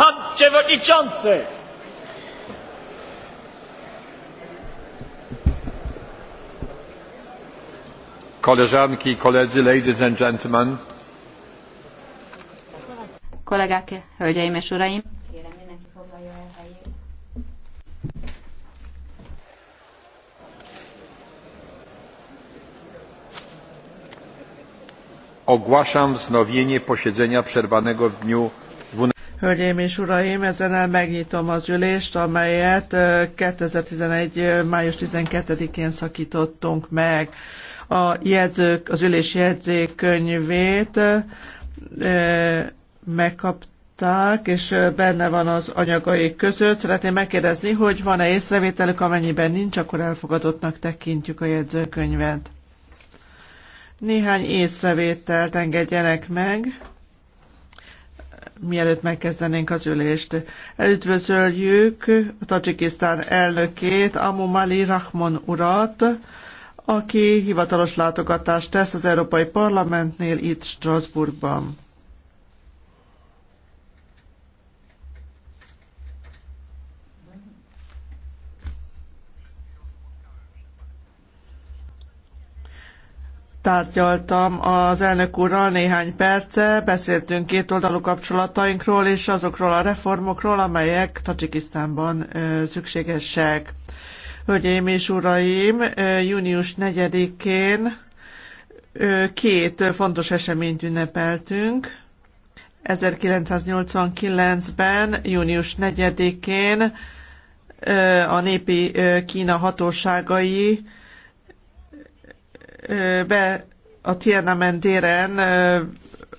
Pan Przewodniczący! Koleżanki i koledzy, ladies and gentlemen. Kollégák, hölgyeim és uraim! Kérem, mindenki foglalja el helyét. Ogłaszam wznowienie posiedzenia przerwanego w dniu Hölgyeim és uraim, ezen megnyitom az ülést, amelyet 2011. május 12-én szakítottunk meg. A jegyzők, az ülés jegyzékkönyvét megkapták, és benne van az anyagai között. Szeretném megkérdezni, hogy van-e észrevételük, amennyiben nincs, akkor elfogadottnak tekintjük a jegyzőkönyvet. Néhány észrevételt engedjenek meg mielőtt megkezdenénk az ülést. Elütvözöljük a Tajikisztán elnökét, Amumali Rahman urat, aki hivatalos látogatást tesz az Európai Parlamentnél itt Strasbourgban. tárgyaltam az elnök úrral néhány perce, beszéltünk kétoldalú kapcsolatainkról és azokról a reformokról, amelyek Tajikisztánban szükségesek. Hölgyeim és uraim, június 4-én két fontos eseményt ünnepeltünk. 1989-ben, június 4-én a népi Kína hatóságai be a Tiananmen téren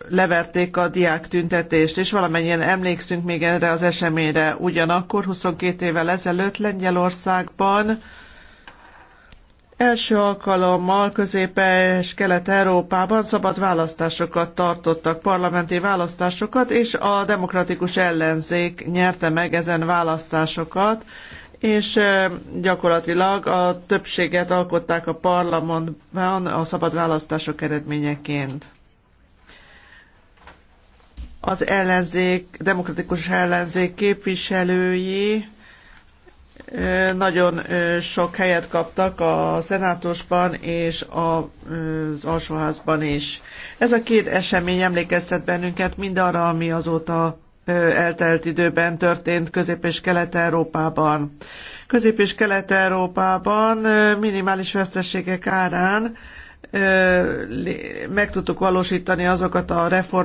leverték a diák tüntetést, és valamennyien emlékszünk még erre az eseményre. Ugyanakkor 22 évvel ezelőtt Lengyelországban első alkalommal Közép- és Kelet-Európában szabad választásokat tartottak, parlamenti választásokat, és a demokratikus ellenzék nyerte meg ezen választásokat, és gyakorlatilag a többséget alkották a parlamentben a szabad választások eredményeként. Az ellenzék, demokratikus ellenzék képviselői nagyon sok helyet kaptak a szenátusban és az alsóházban is. Ez a két esemény emlékeztet bennünket mindarra, ami azóta eltelt időben történt Közép- és Kelet-Európában. Közép- és Kelet-Európában minimális veszteségek árán meg tudtuk valósítani azokat a reform